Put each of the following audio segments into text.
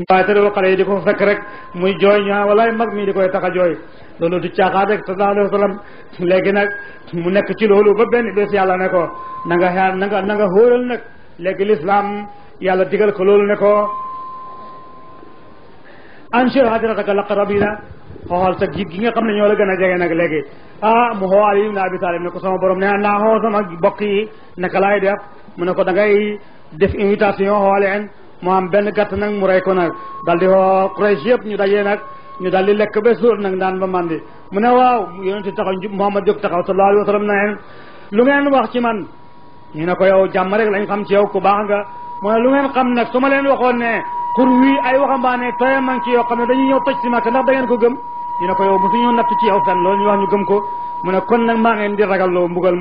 باتر و قلعی دیکھوں سکرک مجھ جوئی یہاں والای مک میری کوئی تک جوئی دونوں تچا خواد ایک صلی اللہ علیہ وسلم لیکن منہ کچھ لولو ببین بے سی اللہ نکو ننگا ہے ننگا ننگا ہورل نک لیکن اسلام یا اللہ دکل کھلول نکو انشیر حاضر تک اللہ قربینا خوال سک جیگ گنگا کم نیو لگنا جگہ نک لگے محو علیم نابی صلی اللہ علیہ وسلم برم نیا ناہو سمک بقی نکلائی دیف منہ کو دنگا ہی دیف ایمیتاسیوں حوالین mu am benn gàtt nag mu rey ko nag dal di woo Quraysh yëpp ñu dajee nag ñu dal di lekk ba suur nag naan ba mandi mu ne waaw yonente taxaw Muhammad jóg taxaw sallallahu alayhi wa sallam na lu ngeen wax ci man ñu ne ko yow jàmm rek lañ xam ci yow ku baax nga mu ne lu ngeen xam nag su ma leen waxoon ne xur wi ay waxambaane tooya man ci yoo xam ne dañuy ñëw toj si Makka ndax da ngeen ko gëm ñu ne ko yow mosuñoo natt ci yow fen loolu ñu wax ñu gëm mu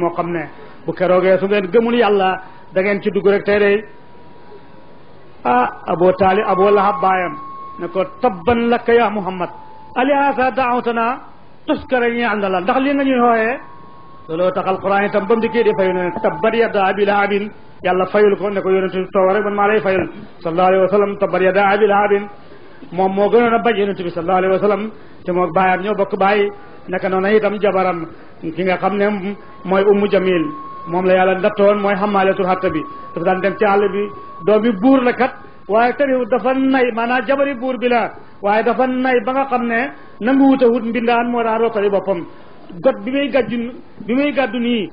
moo xam ne bu keroogee su ngeen da ngeen ci dugg rek tey ah abu taalib abu lahab baayam ne ko tabban lakka ya muhammad ali hasa daawtana tuskara ñaan la ndax li nga ñuy xooyee looloo tax alquran itam ba mu dikkee di fayu ne tabbat yada abi lahabin yàlla fayul ko ne ko yonente bi tooga rek man maa lay fayul sallallahu alayhi wa sallam tabbat yada abi lahabin moom moo gënoon a bañ yonente bi sallallahu alayhi wa sallam te moo baayam ñoo bokk bàyyi naka noona itam jabaram ki nga xam ne mooy ummu jamil moom la yàlla nattoon mooy xamaaletul xatta bi dafa daan dem ci àll bi doomi buur la kat waaye tariw dafa nay maanaam jabari buur bi la waaye dafa nay ba nga xam ne nangu wutawut mbindaan moo daan rootali boppam got bi muy gàjju bi muy gàddu nii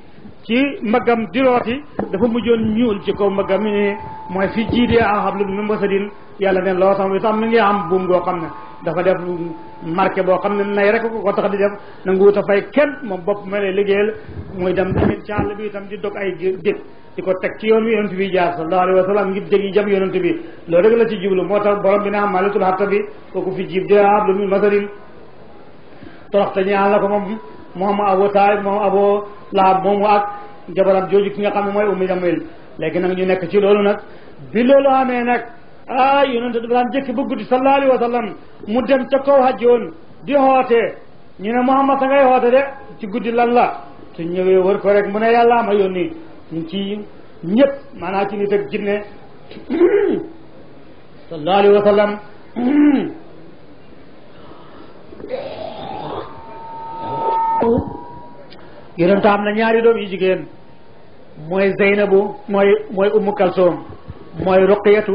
ci mbaggam dilooti dafa mujjoon ñuul ci kaw mbaggam mi ne mooy fi jiidee am xam lu mu masadin yàlla ne loo xam itam mi ngi am buum goo xam ne dafa def marqué boo xam ne nay rek ko tax di def nanguwut a fay kenn moom bopp ma lay moo muy dem tamit ci àll bi itam di dog ay dég di ko teg ci yoon wi yonent bi jaar sallallahu alayhi wa sallam ngir dég jam yonent bi loolu rek la ci jublu moo tax borom bi ne am maalitul xatta bi kooku fi jiib dee ko moom moom Abu Taalib moom Abu jabaram jooju ki nga xam ne mooy ummi jamil léegi nag ñu nekk ci loolu nag bi loolu amee nag ah yonent dafa daan jëkk bu guddi sallallahu alayhi wa sallam mu dem ca kaw hajji woon di xoote ñu ne Muhammad sa ngay xoote de ci guddi lan la su ñëwee wër ko mu ne yàlla ma yónni ñu ci ñëpp maanaam ci nit ak jinne sallallahu alayhi wa am na ñaari doom yu jigéen mooy Zeynabu mooy mooy Ummu Kalsoom mooy Ruqiyatu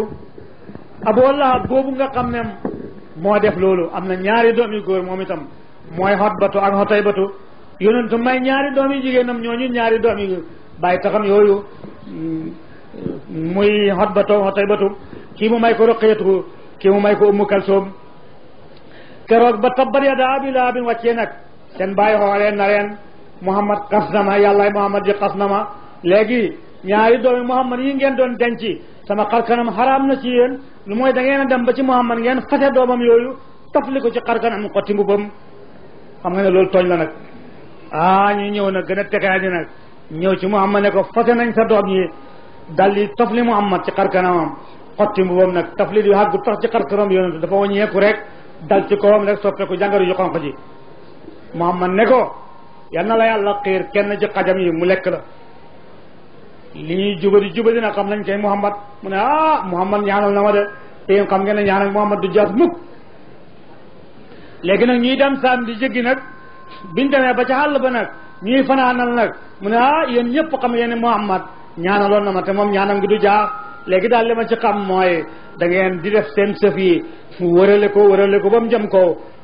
Abu Lahab boobu nga xam ne moo def loolu am na ñaari doom yu góor moom itam mooy Xotbatu ak Xotaybatu yonentu may ñaari doom yu jigéenam ñooñu ñaari doom yu bàyyi taxam yooyu muy Xotbatu Xotaybatu kii mu may ko Ruqiyatu kii mu may ko Ummu Kalsoom keroog ba tabbat yadaa abii lahabin wàccee nag seen bàyyi xoolee na reen Muhammad xas na ma yàllaay Muhammad ji xas na ma léegi ñaari doomi Muhammad ñi ngeen doon denc sama xarkanam xaraam na ci yéen lu mooy dangeen ngeen a dem ba ci Muhammad ngeen fase doomam yooyu tafli ko ci xarkanam xotti mbubam xam nga ne loolu tooñ la nag ah ñu ñëw nag gën a tegaat yi nag ñëw ci Muhammad ne ko fase nañ sa doom yi daldi tafli Muhammad ci xarkanamam xotti mbubam nag tafli di xàggu tax ci xarkanam yonent dafa wàññeeku rek dal ci kawam rek soppeeku jàngoro yu xonq ji Muhammad ne ko yal na la yàlla kenn ci xajam yi mu lekk la lii jubadi jubadi nag xam nañ kay Muhammad mu ne ah Muhammad ñaanal na ma de te xam ngeen ne ñaanal Muhammad du jaas mukk léegi nag ñuy dem saam di jéggi nag biñ demee ba ca àll ba nag ñuy fanaanal nag mu ne ah yéen ñëpp xam ngeen ne Muhammad ñaanaloon na ma te moom ñaanam gi du jaax léegi daal li ma ci xam mooy da ngeen di def seen sëf yi wërale lekko wërale ko ba mu jëm ko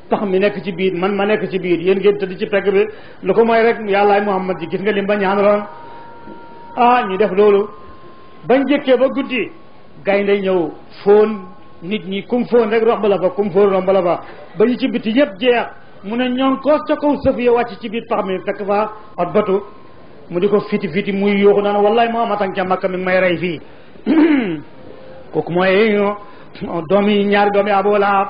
pax mi nekk ci biir man ma nekk ci biir yéen ngeen tëdd ci pegg bi lu ko mooy rek yàllaay Muhammad ji gis nga lim ba ñaanaloon ah ñu def loolu bañ jëkkee ba guddi gaynde ñëw foon nit ñi kum foon rek romb la fa kum foon romb fa ba ñu ci biti jeex mu ne ñoom koos ca kaw sëf ya wàcc ci biir pax mi fekk fa ot batu mu di ko fiti fiti muy yooxu naan wallaay moo amatan ca makka mi ngi may rey fii kooku mooy doomi ñaari doomi Abu Lahab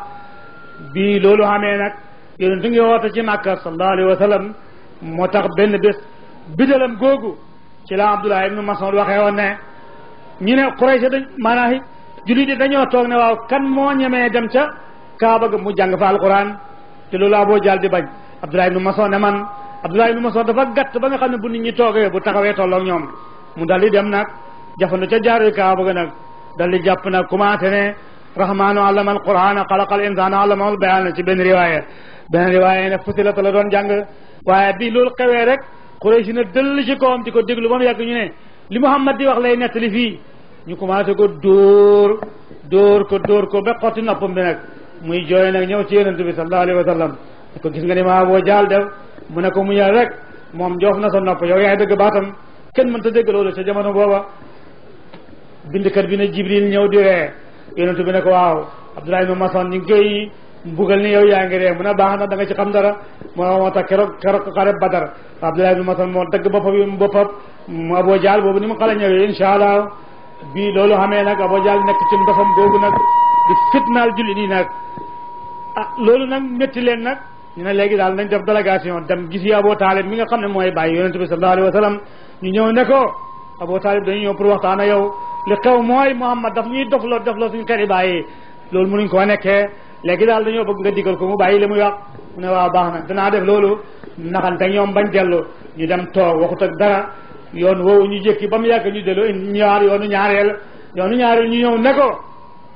loolu xamee nag yonent ngi woote ci makka sallallahu alayhi wa moo tax benn bés bidalam googu ci la Abdullah ibnu Mas'ud waxee woon ne ñu ne Quraysh dañ maanaam jullit yi dañoo toog ne waaw kan moo ñemee dem ca Kaaba ga mu jàng fa alquran te loolu Abu Jahl di bañ Abdullah ibnu Mas'ud ne man Abdullah ibnu Mas'ud dafa gàtt ba nga xam ne bu nit ñi toogee bu taxawee tolloog ñoom mu dal di dem nag jafandu ca jaaru Kaaba ga nag dal di jàpp nag commencé ne rahmaanu allama alquran xalaqa al insana allama al bayan ci benn riwaaya benn riwaaya ne fusilat la doon jàng waaye bi loolu xewee Quraysh na dëll ci kawam di ko déglu ba mu yàgg ñu ne li Muhammad di wax lay nettali fii ñu commencé ko dóor dóor ko dóor ko ba xotti noppam bi nag muy jooy nag ñëw ci yonent bi sallallahu alayhi wa sallam ko gis nga ni ma boo jaal def mu ne ko mu yàl rek moom joof na sa nopp yow yaay dëgg baatam kenn mënta dégg loolu sa jamono booba bindkat bi ne Jibril ñëw di ree yonent bi ne ko waaw Abdullah ibn Mason ñu ngi bugal ni yow yaa ngi ree mu ne baax na da nga ci xam dara moo moo tax keroog keroog xare badar abdoulaye ibnu matal moo dëgg boppam yi mu boppam mu abo jaal boobu ni mu xale ñëwee incha allah bii loolu xamee nag abo jaal nekk na ndofam boobu nag di fitnaal julli nii nag ah loolu nag métti leen nag ñu na léegi daal nañ def délégation dem gis yi aboo mi nga xam ne mooy bay yonente bi sallallahu alayhi wa ñu ñëw ne ko aboo taalib dañu ñëw pour waxtaan yow li xew mooy muhammad daf ñuy dofloo dofloo suñu kër yi bàyyi loolu mënuñ léegi daal dañoo bëgg nga digal ko mu bàyyi li muy wax mu ne waaw baax na danaa def loolu naxante ñoom bañ dellu ñu dem toog waxut ak dara yoon woowu ñu jékki ba mu yàgg ñu dellu ñaar yoonu ñaareel yoonu ñaareel ñu ñëw ne ko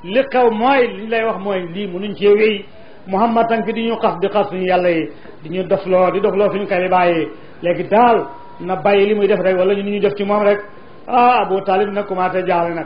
li xew mooy li lay wax mooy lii mënuñ cee wéy Muhammad tank di ñu xas di xas suñu yàlla yi di ñu dofloo di dofloo suñu kay bàyyi léegi daal na bàyyi li muy def rek wala ñu ñu def ci moom rek ah Abu Talib nag commencé jaaxle nag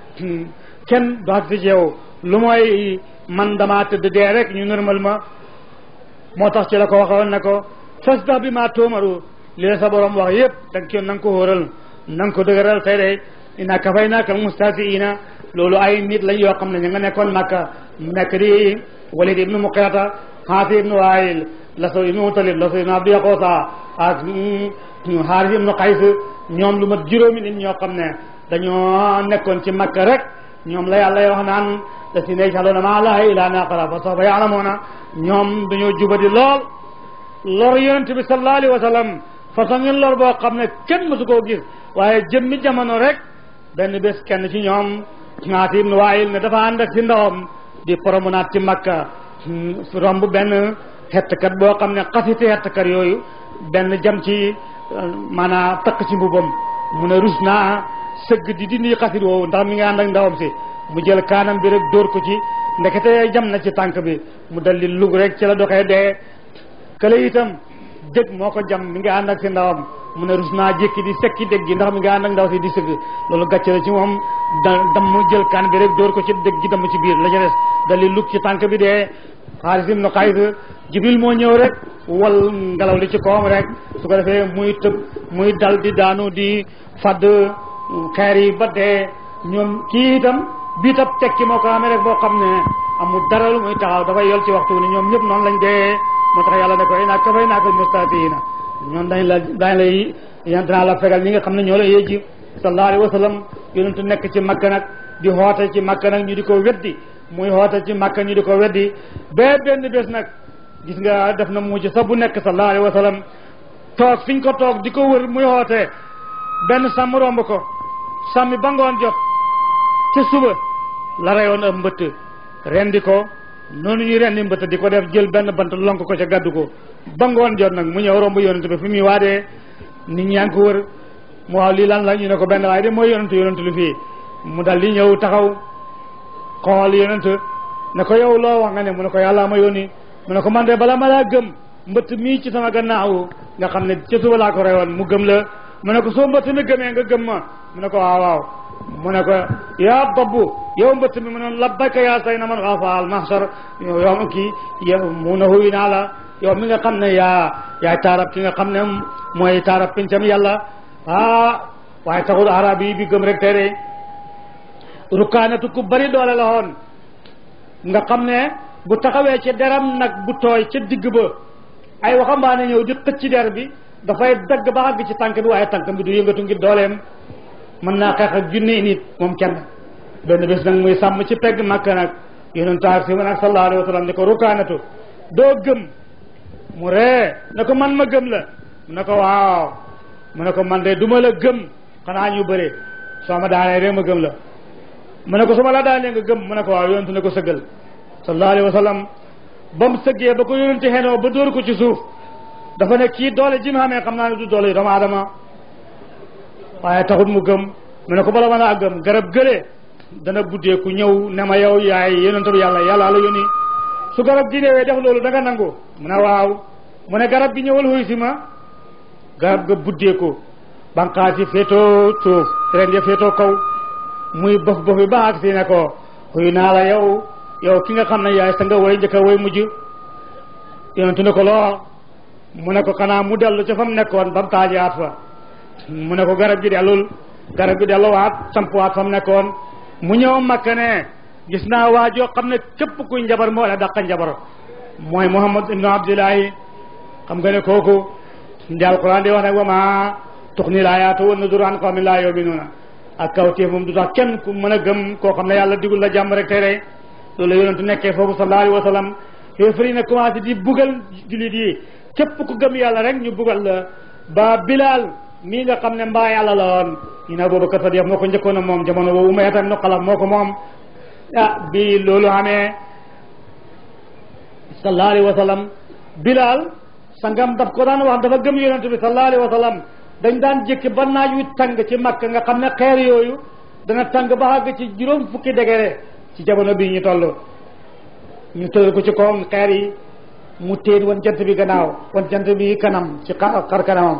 kenn du àgg si yow lu mooy man damaa tëdd dee ñu normal ma moo tax ci la ko waxoon ne ko fasda bi ma tuumaru li sa borom wax yëpp da nga na nga ko wóoral na nga ko dëgëral tey de innaa kafaynaaka mustahzi'iina loolu ay nit lañ yoo xam ne ñu nga nekkoon Makka mu nekk di Walid ibnu Muqirata Xaasi ibnu Waayil Laso ibnu Mutalib Laso ibnu Abdi Yaxoosa ak Xaaris mm, ibnu ñoom lu mat juróomi nit ñoo xam ne dañoo nekkoon ci makka rek ñoom la yàlla wax naan la si ne yajhaluuna maa laahi illaa naaqara fa sawfa ya'lamuuna ñoom dañoo jubadi lool lor yonent bi sallallahu alayhi wa sallam façon yi lor boo xam ne kenn mësu koo gis waaye jëmmi jamono rek benn bés kenn ci ñoom naati ibnu waayil ne dafa ànd ak si ndawam di promenade ci makka romb benn xettkat boo xam ne xasiti xettkat yooyu benn jam ci maanaam takk ci mbubam mu ne rus naa sëgg di dindi xasit woowu ndax mi ngi ànd ak ndawam si mu jël kaanam bi rek dóor ko ci nda ndekete jam na ci tànk bi mu daldi lug rek ci la doxee dee kële itam dëgg moo ko jam mi ngi ànd ak si ndawam mu ne rus naa jékki di sekki dëgg gi ndax mi nga ànd ndaw si di sëgg loolu gàcce la ci dam mu jël kaan bi rek dóor ko ci dëgg gi damm ci biir la ca des daldi lug ci tànk bi dee xaalis ibnu xays jibril moo ñëw rek wal ngelaw li ci koom rek su ko muy tëb muy dal di daanu di fàdd xeer yi ba dee ñoom kii itam biitab tekki moo ko amee rek boo xam ne amul dara lu muy taxaw dafay yol ci waxtu ni ñoom ñëpp noonu lañ dee moo tax yàlla ne ko inaak kafay naakal mustahziina ñoom dañ la dañ lay yant naa la fegal ñi nga xam ne ñoo la yéegi sallallahu alayhi wa sallam yonentu nekk ci makka nag di xoote ci makka nag ñu di ko weddi muy xoote ci makka ñu di ko weddi ba benn bés nag gis nga def na mujj sax bu nekk sallallahu alayhi wa sallam toog fiñ ko toog di ko wër muy xoote benn sàmm romb sàmmi ba ngoon jot ca suba la reyoon ab mbëtt rendi ko noonu ñuy rendi mbëtt di ko def jël benn bant lonk ko ca gàddu ko ba ngoon jot nag mu ñëw romb yonent bi fi muy waadee nit ñaa ko wër mu waaw lii lan la ñu ne ko benn waaye de mooy yonent dal di ñëw taxaw xool yonent ne ko yow loo wax nga ne mu ne ko yàllaa ma yónni mu ne ko man de bala ma laa gëm mbëtt mii ci sama gannaaw nga xam ne ca suba laa ko reyoon mu gëm la mu ne ko soo mbëtt mi gëmee nga mu ne ko waaw waaw mu ne ko yaa babbu yow mbëtt mi mu ne labbaka yaa say na man xaafa al mahsar yow kii yow mu ne huy naa la yow mi nga xam ne yaa yaay taarab ki nga xam ne mooy taarab pincam yàlla ah waaye taxul arab yi bi gëm rek tere rukkaanatu ku bari doole la woon nga xam ne bu taxawee ci deram nag bu tooy ca digg ba ay waxambaane ñëw di xëcc der bi dafay dagg ba àgg ci tànk bi waaye tànk bi du yëngatu ngir dooleem mën naa xeex ak junni nit moom kenn benn sàmm ci peg Makka nag yonent ak si ma nag sallallahu rukaanatu doo gëm mu ree na man ma gëm la mu ne ko waaw mu ne ko man de duma la gëm xanaa ñu bare soo ma daanee rek ma gëm la mu ne ko su ma la daanee nga gëm mu ne ko waaw yonent ne ko sëggal sallallahu alayhi wa sallam ba mu sëggee ba ko yonent xenoo ba dóor ko ci suuf dafa ne kii doole ji mu xamee xam naa ne du doole yi doomu aadama waaye taxut mu gëm mu ne ko bala mën a gëm garab gëlee dana buddee ku ñëw ne ma yow yaay yonentu yàlla yàlla la yónni su garab gi ñëwee def loolu da nga nangu mu ne waaw mu ne garab gi ñëwal xuy si ma garab ga buddee ko banqaas yi féetoo suuf ren ya féetoo kaw muy bëf bëfi ba ak ne ko xuy naa la yow yow ki nga xam ne yaay sa nga woy njëkk a woy mujj yonentu ne ko loo mu ne ko xanaa mu dellu ca fa nekkoon ba taajaat fa mu ne ko garab gi dellul garab gi delluwaat sampuwaat fa mu nekkoon mu ñëw makka ne gis naa waa joo xam ne képp kuy njabar moo la daqa njabar mooy Muhammad ibnu Abdullahi xam nga ne kooku di alquran di wax ne wa ma tuxni laayaatu wan nuduru an qawmin laa yuminuuna ak kaw téef moom du tax kenn ku mën a gëm koo xam ne yàlla digul la jàmm rek tey day loolu la yonentu nekkee foofu sallallahu alayhi wa sallam yéefari na commencé di bugal jullit yi képp ku gëm yàlla rek ñu bugal la ba Bilaal mii nga xam ne mbaa yàlla la woon Abubakar Sadiq moo ko njëkkoon a moom jamono boobu Umayya tam Nuqayl moo ko moom ah, bi loolu amee sallallahu alayhi wa sallam Bilal sangam daf ko daan wax dafa gëm yonent bi sallallahu alayhi wa sallam dañ daan jékki ba naaj wi tàng ci Makka nga xam ne xeer yooyu dana tàng ba àgg ci juróom fukki degré ci jamono bii ñu toll ñu tëral ko ci kawam xeer yi mu téen wan jant bi gannaaw wan jant bi kanam ci xar kanamam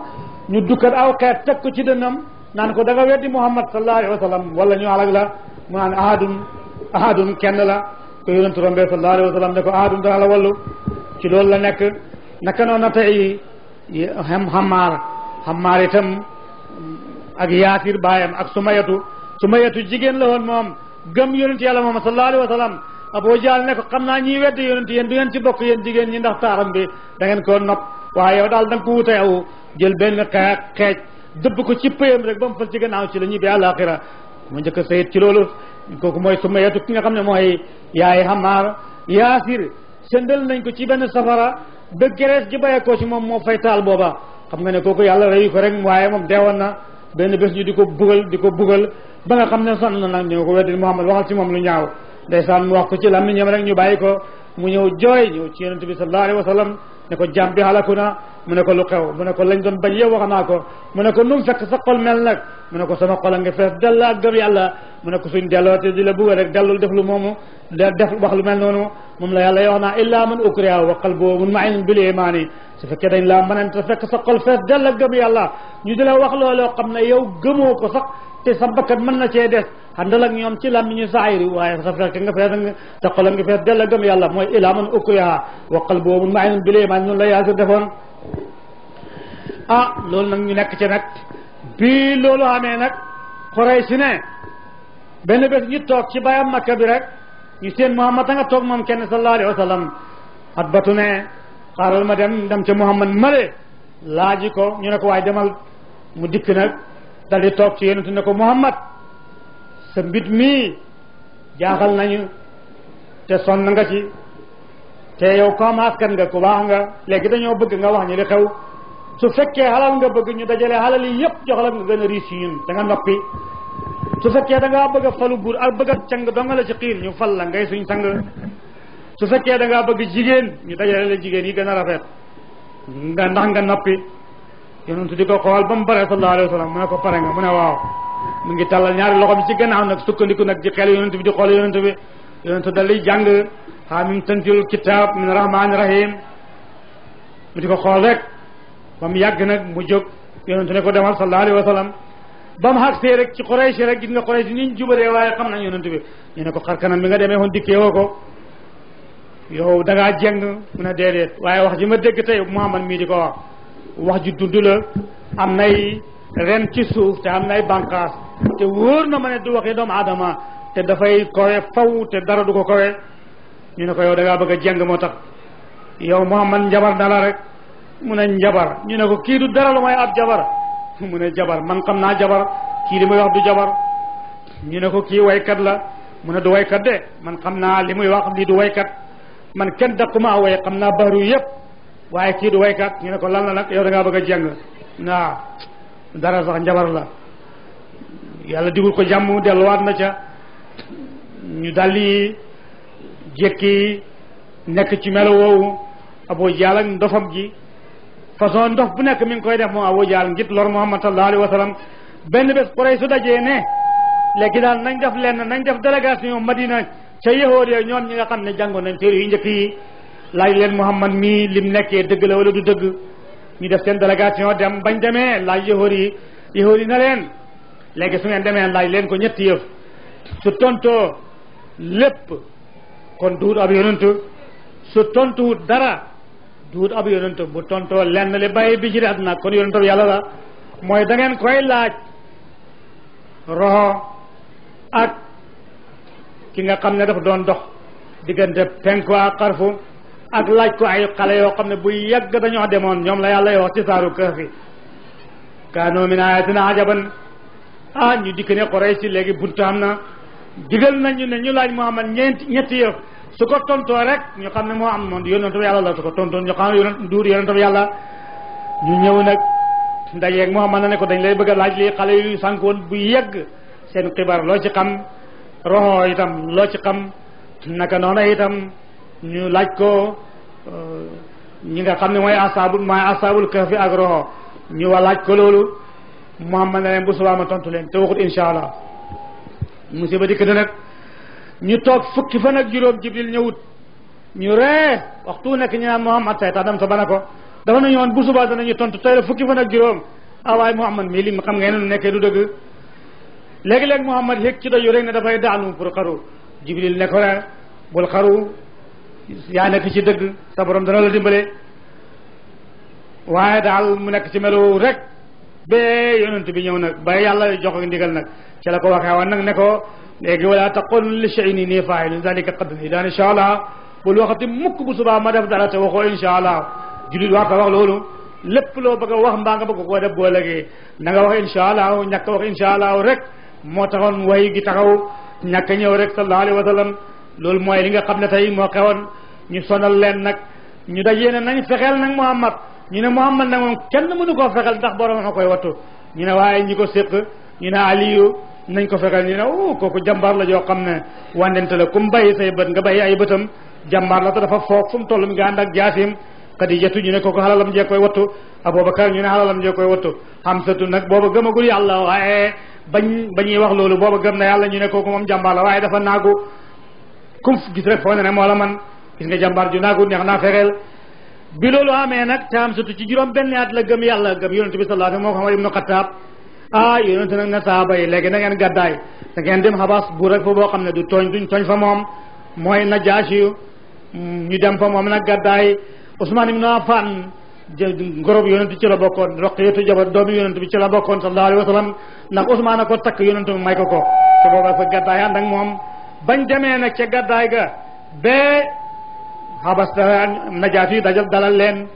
ñu dukkat aw xeet teg ko ci dënnam naan ko da nga weddi muhammad sallallahu wa ñu alag la mu naan ahadun ahadun la ko yonent rombe sallallahu alayhi wa ne ko ahadun dana la wallu ci loolu la nekk naka noonu tey xam xamaar xamaar itam ak yaasir baayam ak sumayatu sumayatu jigéen la woon moom gëm yonent yàlla moom sallallahu alayhi wa sallam Abu Jaal ne ko xam naa ñiy weddi yonent yéen du ci bokk yéen jigéen ñi ndax taaram bi ko nopp waaye yow daal da ko wuute yow جل بن کا کج دب کو چپے ہم رکبم فلچے کے ناو چلنی بیا لاخرہ من جک سید چلولو کو کو موی سمے تو کنا کم موی یا ہے ہمار یا سیر سندل نن کو چی بن سفرا دگرس جبا کو چ مو فیتال بوبا خم نے کو کو یالا ری کو رنگ وای مو دیوان نا بن بس جو دیکو بوگل دیکو بوگل با نا خم نے سن نا نیو کو ودی محمد وخال سی مام لو نیاو دے سان مو کو چ لام نیم رنگ نیو بای کو مو نیو جوی نیو چی نبی صلی اللہ علیہ وسلم ne ko jàmm bi xalaku na mu ne ko lu xew mu ne ko lañ doon bañ yow wax naa ko mu ne ko nu mu fekk sa xol mel nag mu ne ko sama xol a nga fees dell ak gëm yàlla mu ne ko suñ dellootee di la bëgg rek dellul def lu moomu def wax lu mel noonu moom la yàlla yox naa illa man ukriha wa qalbuhu mutma'inun bil imaani سفك دين لا أنت سفك سقل فسجل الجم يا الله نجلا وخلوا له قم نيو جمو كسق تسبك من نشيدس هندلا يوم تلا من يسعير وهاي سفك كنغ فسجل سقل كنغ فسجل الجم يا الله مو إلى من أكويها وقلبه من معين بلي ما نقول لا يعزب دفن آه، لول نعني نك جنك بي لولو هامينك خرايسنا بني بس نيتوك شبايا مكبرك يسين محمد عن توك من كنس الله عليه وسلم أتبتونه xaaral ma dem dem ca Muhammad male laaji ko ñu ne ko waaye demal mu dikk nag dal di toog ci yonent ne ko Muhammad sa mbit mii jaaxal nañu te sonn nga ci te yow comme askan nga ku baax nga léegi dañoo bëgg nga wax ñu li xew su fekkee xalal nga bëgg ñu dajale xalal yi yëpp jox la nga gën a riis yi ñun da nga noppi su fekkee da ngaa bëgg a falu buur ak bëgg a càng donga la ci xiir ñu fal la ngay suñ sang su fekkee da ngaa bëgg jigéen ñu dajale jigéen yi gën a rafet nga ndax nga noppi yonentu di ko xool ba mu pare sallallahu alayhi wa sallam mu ne ko pare nga mu ne waaw mu ngi tàllal ñaari loxo bi ci gannaaw nag sukkandiku nag di xel yonentu di xool yonentu bi yonentu da lay jàng xaamim tanzilul kitaab min rahmaani rahim mu di ko xool rek ba mu yàgg nag mu jóg yonentu ne ko demal sallallahu alayhi wa sallam ba ma xagsee rek ci Quraysh rek gis nga Quraysh ni ñu jubaree waaye xam nañ yonentu bi ñu ne ko xar kanam bi nga demee woon dikkee woo ko yow da ngaa jeng mu ne déedéet waaye wax ji ma dégg tey Mouhamad mii wax ji dund la am nay ren ci suuf te am na bànqaas te wóor na ma ne du waxi doomu aadama te dafay kowe faw te dara du ko kowe ñu ne ko yow da ngaa bëgg a jeng moo tax yow Mouhamad njabar na la rek mu ne njabar ñu ne ko kii du dara lu may ab jabar mu ne jabar man xam naa jabar kii li muy wax du jabar ñu ne ko kii waykat la mu ne du waykat de man xam naa li muy wax lii du waykat man kenn daquma a way xam naa bahru yëpp waaye kii du waykat ñu ne ko lan la nag yow da ngaa bëgg a jàng naa dara sax njabar la yàlla digul ko jàmm dellowaat na ca ñu daldi jékki nekk ci melo woowu aboo jaal ak ndofam ji façon bu nekk mi ngi koy def moom aboo jaal ngit lor muhammad sallallahu alayhi wa sallam benn bés Quraysh léegi daal nañ def lenn nañ def délégation Madina ca yahood ya ñoom ñi nga xam ne jàngoon nañ téere yu njëkk yi laaj leen Muhammad mii lim nekkee dëgg la wala du dëgg ñu def seen délégation dem bañ demee laaj yahood yi na leen léegi su ngeen demee laaj leen ko ñetti yëf su tontoo lépp kon duut ab yonent su tontuwut dara duut ab yonent bu tontoo lenn li bàyyi bi ci des nag kon yonent bi yàlla la mooy da ngeen koy laaj roxo ak ki nga xam ne dafa doon dox diggante penku ak xarfu ak laaj ko ay xale yoo xam ne bu yàgg dañoo demoon ñoom la yàlla wax ci saaru kër fi kaanoo min ayatina ajaban ah ñu dikk ne si léegi buntu am na digal nañu ne ñu laaj Muhammad ñeenti ñetti yëf su ko tontoo rek ñu xam ne moo am moom yonentu yàlla la su ko tontoon ñu xam ne duur yonentu yàlla ñu ñëw nag ndajeeg Muhammad na ne ko dañ lay bëgg a laaj lii xale yu sànkoon bu yegg seen xibaar loo ci roxoo itam loo ci xam naka noona itam ñu laaj ko euh, ñi nga xam ne mooy asaabul mooy asaabul ak roxo ñu wa laaj ko loolu Muhammad ne leen bu subaa ma tontu leen te waxut insha allah musiba dikk na nag ñu toog fukki fan ak juróom jibril ñëwut ñu ree waxtu nekk ñu naan Muhammad seytaanam sa bana ko dafa nañu woon bu subaa danañu tontu tey fukki fan ak juróom ah waaye Muhammad mii li xam ngeen ne nekkee du dëgg léegi-léeg Muhammad yëg ci doyu rek ne dafay daanu pour xaru Jibril ne ko ne bul xaru yaa nekk ci dëgg sa borom dana la dimbale waaye daal mu nekk ci melo rek bee yonent bi ñëw nag ba yàlla jox ko ndigal nag ci la ko waxee woon nag ne ko léegi wala taqul li shay'in inni faa'ilun zalika qad daan incha allah bul waxati mukk bu subaa ma def dara te waxoo incha allah jullit waa ko wax loolu lépp loo bëgg a wax mbaa nga bëgg koo def boo lëgee na nga wax incha allah ñàkk a wax incha allah rek. moo taxoon way gi taxaw ñàkk a ñëw rek sallallahu alayhi wa sallam loolu mooy li nga xam ne tey moo xewoon ñu sonal leen nag ñu dajee ne nañ fexeel nag Muhammad ñu ne Muhammad nag moom kenn mënu koo fexeel ndax borom a koy wattu ñu ne waaye ñi ko séq ñu ne Aliyu nañ ko fexeel ñu ne o kooku jàmbaar la joo xam ne wàndente la kum bàyyi say bët nga bàyyi ay bëtam jàmbaar la te dafa foog fu mu toll mi nga ànd ak jaasim Xadijatu ñu ne kooku xalalam jee koy wattu Abubakar ñu ne xalalam jee koy wattu Hamsatu nag booba gëmagul yàlla waaye bañ ba ñuy wax loolu booba gëm na yàlla ñu ne kooku moom jàmbaar la waaye dafa naagu kum gis rek foo ne ne moo la man gis nga jàmbaar ju naagu neex naa fexeel bi loolu amee nag taam surtout ci juróom benn at la gëm yàlla gëm yonent bi sallallahu alayhi wa sallam moo ko na saaba yi léegi na ngeen gàddaay da ngeen dem xabaas bu rek fa boo xam ne du tooñ duñ tooñ fa moom mooy najaasi mm, ñu dem fa moom nag gàddaay Usmaan ibnu Affaan ngorob yonent ci la bokkoon Roqiyatu jabar doomi yonent bi ci la bokkoon sallallahu alayhi wa sallam ndax Ousmane ko takk yonent bi may ko ko te booba fa gàddaay ànd ak moom bañ demee nag ca gàddaay ga bee xabas najaat yi dajal dalal leen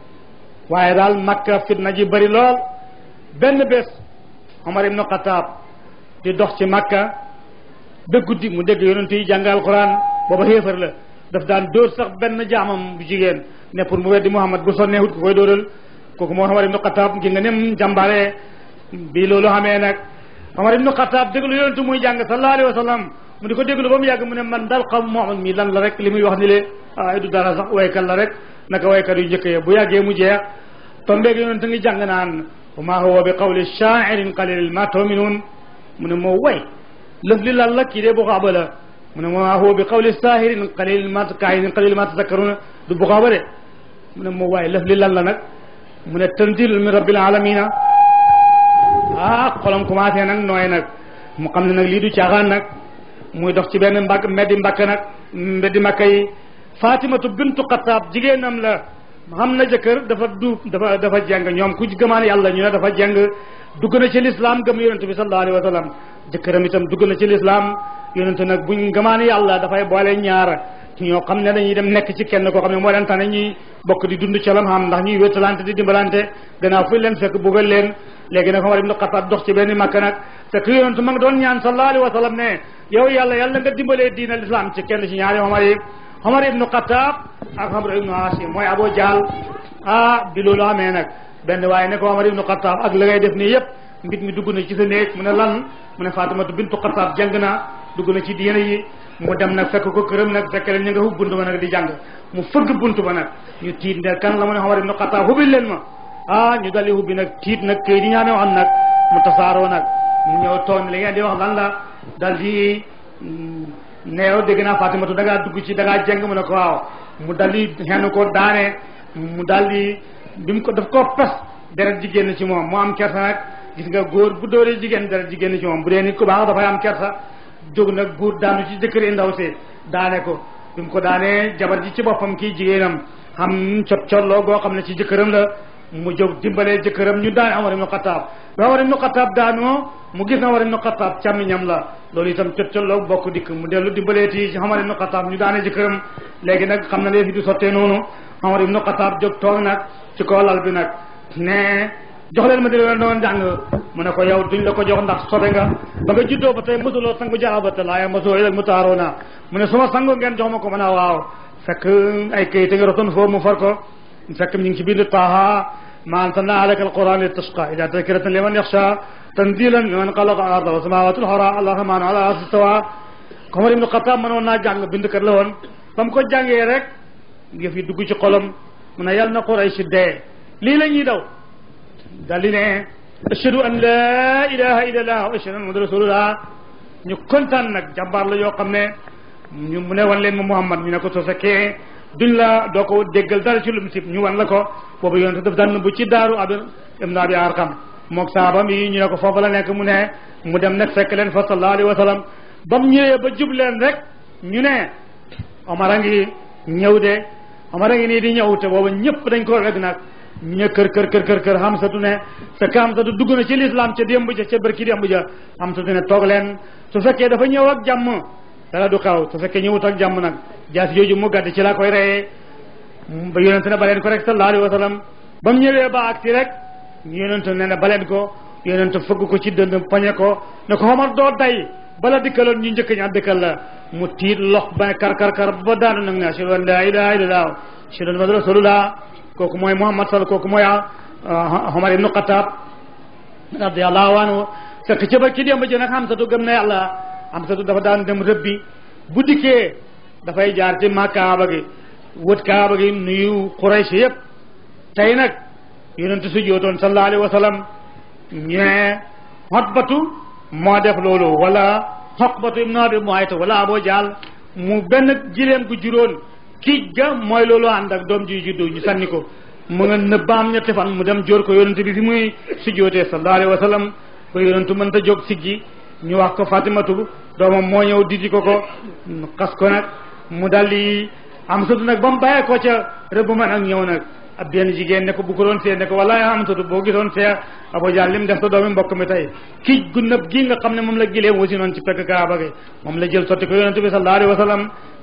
waaye daal makka fitna ji bëri lool benn bés Omar ibnu Xataab di dox ci makka ba guddi mu dégg yonent yi jàngal Alquran booba xéefar la daf daan dóor sax benn jaamam bu jigéen ne pour mu weddi Muhammad bu sonnee wut ko koy dóoral kooku moo Omar ibnu Xataab gi nga nem jàmbaare bi loolu xamee nag Omar ibnu Xataab déglu yonentu muy jàng sallallahu alayhi wa sallam mu di ko déglu ba mu yàgg mu ne man daal xam Muhammad mi lan la rek li muy wax ni le ay ah, du dara sax waykat la rek naka waykat yu njëkk ya bu yàggee mu jeex tombeeg yonentu ngi jàng naan wa ma huwa bi qawli shaa'irin qalilin ma tu'minuun mu ne moo way lëf li lan la kii dee boo ko abala من ما هو بقول الساهر قليل ما تكاين قليل ما تذكرون دو بغاورة من ما واي لف لله لنك من التنزيل من رب العالمين آه قلم كماتي نك نوينك مقام لنك ليدو چاغانك موي دوخ سي بن مباك مدي مباك نك مدي مكاي فاطمه بنت قطاب جيغينم لا مهم نا جكر دافا دوب دافا دافا جانغ نيوم كوج گمان يالله ني دافا جانغ دوغنا سي الاسلام گم يونتبي صلى الله عليه وسلم جكرم اتم دوغنا سي الاسلام yonente nag buñ gëmaan yàlla dafay boole ñaar ñoo xam ne dañuy dem nekk ci kenn koo xam ne moo leen tane ñuy bokk di dund calam xam ndax ñuy wéttalante di dimbalante gannaaw fu leen fekk buggal leen léegi nag Omar ibnu Xataab dox ci benn makka nag fekk yonente ma nga doon ñaan sallallahu alayhi wa sallam ne yow yàlla yàlla nga dimbalee diina l'islam ci kenn ci ñaari Omar yi Omar ibnu Xataab ak Omar ibnu Haasim mooy Abu Jahl ah bi loolu amee nag benn waaye ne ko Omar ibnu Xataab ak la ngay def nii yëpp mbit mi dugg na ci sa néeg mu ne lan mu ne Fatimatu bintu Xataab jàng na dugg na ci diina yi mu dem nag fekk ko këram nag fekk leen ñu nga hub buntu ba nag di jàng mu fëgg buntu ba nag ñu tiit nag kan la mu ne Omar ibnu Xattaab hubil leen ma ah ñu dal di hubbi nag tiit nag këy di ñaanoo xam nag mu tasaaroo nag mu ñëw toog li ngeen di wax lan la dal di mm, neew dégg naa Fatimatu da ngaa dugg ci da ngaa jeng mu ne ko waaw mu dal di ko daane mu dal di bi mu ko daf koo pes deret jigéen ci moom mu am kersa nag gis nga góor bu dóoree jigéen deret jigéen ci moom bu dee nit ku am kersa تم کو دانے جبرجستان ہمارے سوتے ہمارے لال jox leen ma di leen doon mu ne ko yow duñ la ko jox ndax sobe nga ba nga juddoo ba tey mosuloo sangu jaxabata laaya mosoo ilal mu taaroo naa mu ne suma sangu ngeen jox ma ko mën a waaw fekk ay kayit a ngi rotoon foofu mu ko fekk ñu ngi ci bind taaha ma anzalna alayka alquran li tashqa illa tadhkiratan liman yaxsha tanzilan mimman xalaqa al-arda wa samawati al-ulaa ar-rahmaanu ala arshi stawaa Omar ibnu Xataab mënoon naa jàng bindkat la woon ba mu ko jàngee rek yëf yi dugg ci xolam mu ne yàlla na Quraysh dee lii la ñuy daw daal di ne ashhadu an laa ilaha illa allah wa ashhadu an muhammad rasulullah ñu kontaan nag jàmbaar la yoo xam ne ñu mu ne wan leen ma muhammad ñu ne ko soo fekkee duñ la doo ko déggal dara ci lu mu sib ñu wan la ko boobu yonente daf daan bu ci daaru abir ibn abi arqam mook saabam yi ñu ne ko foofu la nekk mu ne mu dem nag fekk leen fa sallallahu alayhi wa sallam ba mu ñëwee ba jub leen rek ñu ne omar a ngi ñëw de omar a ngi nii di ñëw te boobu ñëpp dañ koo weg nag ñu kër kër kër kër kër Hamsatu ne fekk Hamsatu dugg na ci lislaam ca démb ja ca barki démb dafa ñëw ak jàmm dara du xaw su fekkee ñëwut ak jàmm nag jaas jooju mu gàdd ci la koy reyee ba yonente ne baleen ko rek sallallahu alayhi wa sallam ba mu ñëwee ba agsi rek yonente ne ne baleen ko yonente fëgg ko ci dënd poñe ko ne ko xamar doo day bala dikkaloon ñu njëkk ñaa dëkkal la mu tiit lox ba kar kar kar ba daanu nag ne ashhadu an laa ilaaha illallaah ashhadu anna muhammadan kooku mooy Muhammad sal kooku mooy ah, ah, Omar ibnu Xataab radiallahu anhu fekk ca ba ci démb ji nag Xamsatu dafa daan dem rëbbi bu dikkee dafay jaar ci ma kaaba gi wët kaaba gi nuyu Quraysh yëpp tey nag yonentu su jootoon sallallahu alayhi def loolu wala xoqbatu ibnu abi muayta wala aboo jaal mu benn jileem gu kiij ga mooy loolu ànd ak doom ji juddu ñu sànni ko mu nga nëbbaam ñetti fan mu dem jóor ko yonent bi fi muy sujjootee sallallahu alayhi wa sallam ba yonentu mën ta jóg siggi ñu wax ko fatimatu doomam moo ñëw didi ko ko xas ko nag mu daldi am satu nag ba mu bàyyee ko ca rëbb ma nag ñëw nag ab benn jigéen ne ko bu ko doon see ne ko wallaay am satu boo gisoon see abo jaan lim def doomi mbokk mi tey kiij gu nëb gi nga xam ne moom la gileem wasi noonu ci pegg kaaba gi moom la jël sotti ko yonent bi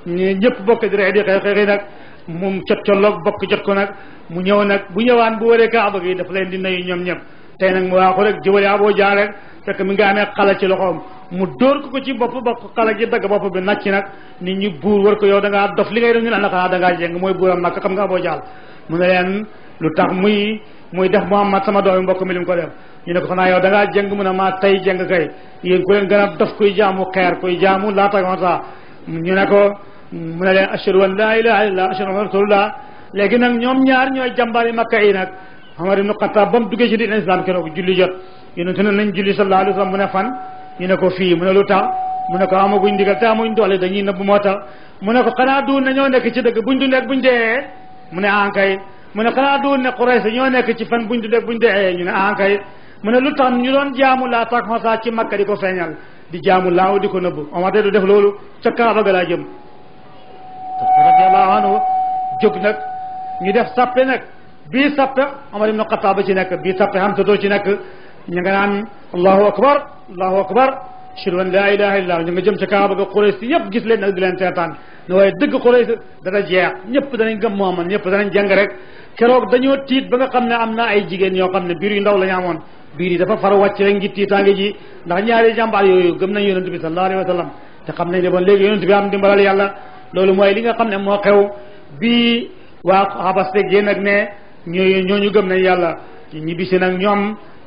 ñu ñëpp bokk di rex di xew xew nag moom cot colloog bokk jot ko nag mu ñëw nag bu ñëwaan bu waree kaaba gi daf leen di nayu ñoom ñëpp tey nag mu waaxu rek jëwale aboo jaar rek fekk mi nga amee xala ci loxoom mu dóor ko ko ci bopp ba xala gi dagg bopp bi nàcc nag ni ñu buur war ko yow da ngaa dof li ngay def ñu naan la xanaa da ngaa jéng mooy buuram nag mu ne leen lu tax muy muy def Muhammad mi lim ko def da ngaa jéng mu ne maa tey jéng kay yéen ku leen gën a dof kuy jaamu xeer kuy jaamu laata ñu ne ko mu ne leen ashhadu an laa ilaaha illallah ashhadu anna rasulullah léegi nag ñoom ñaar ñooy jàmbaari makka yi nag Umar ibn Xattaab ba mu duggee ci nañ julli sallallahu alayhi fan ñu ne ko fii mu ne lu tax mu ne ko amaguñ ndigal te amuñ doole dañuy nëbb moo ta mu ne ko xanaa duun ne ñoo nekk ci dëgg buñ dundee ak buñ dee mu ne ankay ah, mu ne xanaa duun ne Quraysh ñoo nekk ci fan buñ dundee ak buñ dee ñu ne ankay ah, mu ne lu tax ñu doon jaamu laa tak xosa ci makka di ko feeñal di jaamu laaw di ko nëbb Omar def loolu ca Kaaba ga radiallahu anhu jóg nag ñu def sappe nag bii sappe Omar ibn Xattaab ba ci nekk bii sappe Hamzatu ci nekk ñu nga naan allahu akbar allahu akbar ashhadu an laa ilaha illa ñu nga jëm ci kaaba ga Quraysh si yëpp gis leen nag di leen seetaan ne waaye dëgg Quraysh dana jeex ñëpp danañ gëm Muhammad ñëpp danañ jàng ba nga xam ne am na ay jigéen yoo xam ne biir yu ndaw la ñu amoon biir yi dafa far wàcc rek ngir tiitaange ji ndax ñaari jàmbaar yooyu gëm nañ yonent bi loolu mooy li nga xam ne moo xew bi waa xabaste génn ak ne ñooñu ñooñu gëm nañ yàlla ñibbisi nag ñoom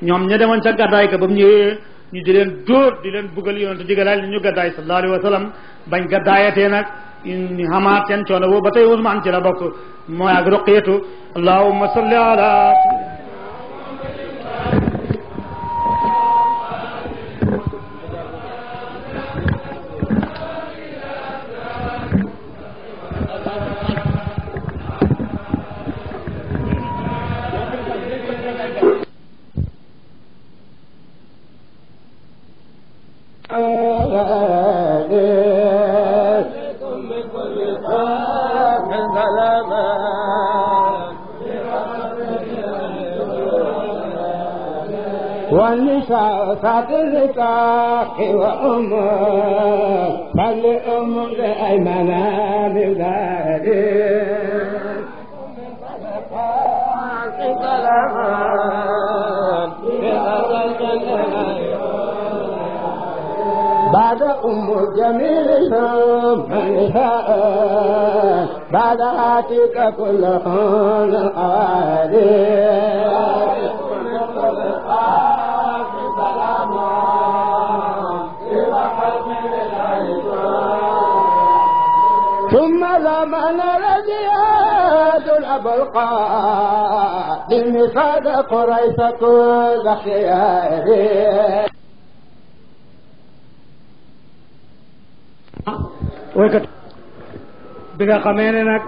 ñoom ña demoon ca gàddaay ka ba mu ñëwee ñu di leen dóor di leen bugal yoon te digalaay li ñu gàddaay sallallahu ba wa sallam bañ gàddaayatee nag ñu xamaat seen coono boobu ba tey woon ma am ci la bokk mooy ak ruqiyatu allahumma salli ala فاطر طاق وأم فالأم لأيمن ببداري بعد أم جميلهم منها بعد عاتق كلهن الأوالي ثم لمن رديات الأب القادم فاد قريش كل خيار ويكت بغا خمينة نك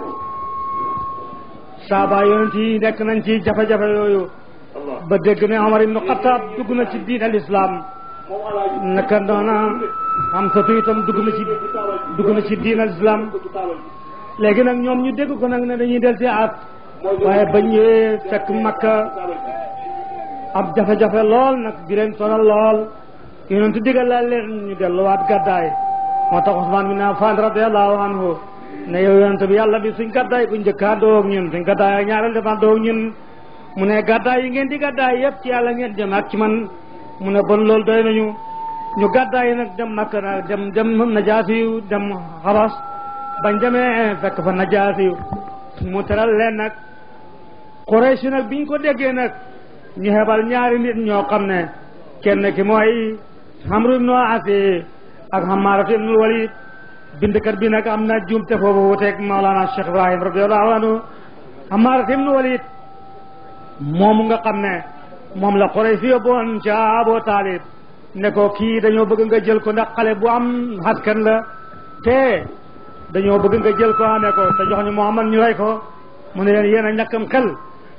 سابا يونتي نك ننجي جفا جفا يويو بدك عمر بن الخطاب دقنا الدين الإسلام نكدونا am sa tu itam dugg na ci dugg na ci diin al léegi nag ñoom ñu dégg ko nag ne dañuy del si at waaye bañ ñëwee fekk makka ab jafe-jafe lool nag di leen sonal lool yonentu digal la leen ñu delluwaat gàddaay moo tax Usmaan bin Affaan radiyallahu anhu ne yow yonent bi yàlla bi suñ gàddaay bu njëkkaa doog ñun suñ gàddaay ak ñaareel dafa doog ñun mu ne gàddaay yi ngeen di gàddaay yëpp ci yàlla ngeen jëm ak ci man mu ne bon loolu doy nañu گدہ نک جم مکرم نہ جاتی جب ہر جمے نہ جاتی کو دے گے نک یہ ہے بل کر اب ہمارا فلم والے مولانا شکر ہمارا فلم والا کمنے ماملہ قوری سی ہوا بو تالت ne ko kii dañoo bëgg nga jël ko ndax xale bu am askan la te dañoo bëgg nga jël ko amee ah, ko te jox ñu Muhammad ñu rey ko mu ne leen yéen a ñàkkam xel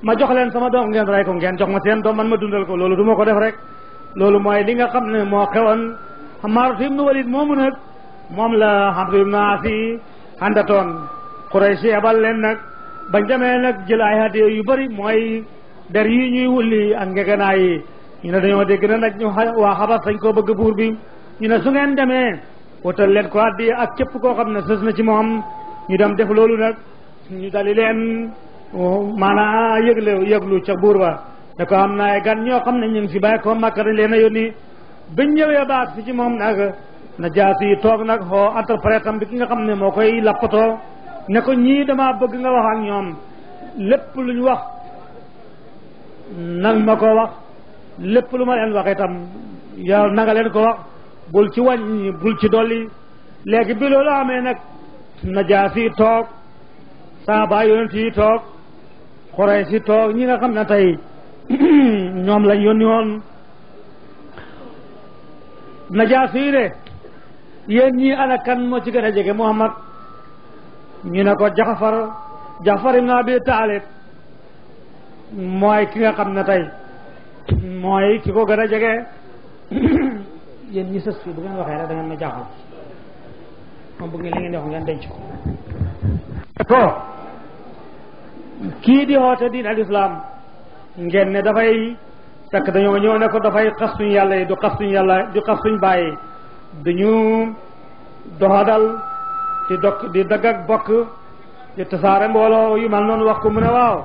ma jox leen sama doom ngeen rey ko ngeen jox ma seen doom man ma dundal ko loolu duma ko def rek loolu mooy li nga xam ne moo xewoon Ammaar ibnu Walid moomu nag moom la Amr ibnu Aas àndatoon Quraysh yebal leen nag bañ demee nag jël ay hadiya yu bari mooy der yi ñuy wulli ak ngegenaay yi ñu ne dañoo dégg na nag ñu waa xabas dañ koo bëgg buur bi ñu ne su ngeen demee wutal leen ko addi ak képp koo xam ne sës na ci moom ñu dem def loolu nag ñu dali leen maanaam yëgle yëglu ca buur ba da ko am na ay gan ñoo xam ne ñu ngi fi bàyyi ko Makka leen a yónni bañ ñëwee baat fi ci moom nag na jaas yi toog nag xoo interprète am bi ki nga xam ne moo koy lappatoo ne ko ñii dama bëgg nga wax ak ñoom lépp lu ñu wax nan ma ko wax lépp lu ma leen wax itam yow na ko wax bul ci wañ bul ci dolli léegi bi loolu amee nag najaasi toog saaba yonent toog xorey si toog ñi nga xam na tey ñoom lañ yónni woon najaasi de yéen ñii ana moo ci gën a jege Muhammad ñu ne ko Jaxfar Jaxfar ibn Abi Taalib mooy ki nga xam na tey mooy ki ko gën a jege yéen ñi sës fii bu ngeen waxee rek da ngeen ma kii di xoote diin al islam ngeen ne dafay fekk dañoo ñëw ne ko dafay xas suñ yàlla yi du xas suñ yàlla du xas doxadal di dok bokk di tasaare mbooloo yu mel noonu wax ko mu ne waaw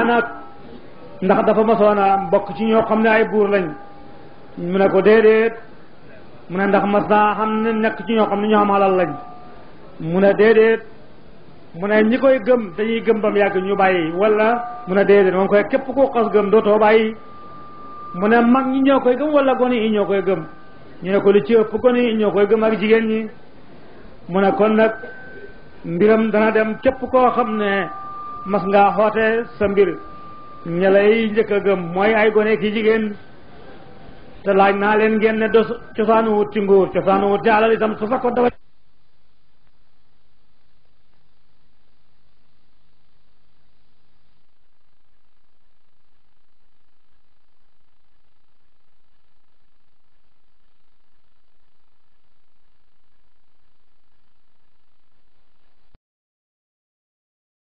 ana ndax dafa masoon mbokk am ci ñoo xam ne ay buur lañ mu ne ko déedéet mu ndax mas naa xam ne nekk ci ñoo xam ne ñoo am alal lañ mu ne déedéet mu ne ñi koy gëm dañuy gëm bam yàgg ñu bàyyi wala mu ne déedéet moom koy képp koo xas gëm dootoo bàyyi mu ne mag ñi ñoo koy gëm wala gone yi ñoo koy gëm ñu ne ko li ci ëpp gone yi ñoo koy gëm ak jigéen ñi mu ne kon nag mbiram dana dem képp ko xam ne mas ngaa xoote sa mbir ña lay njëkk a gëm mooy ay gone ki jigéen te laaj naa leen ngeen ne dos cosaanu wut ci nguur cosaanu wut ci alal itam su fekkoon dafa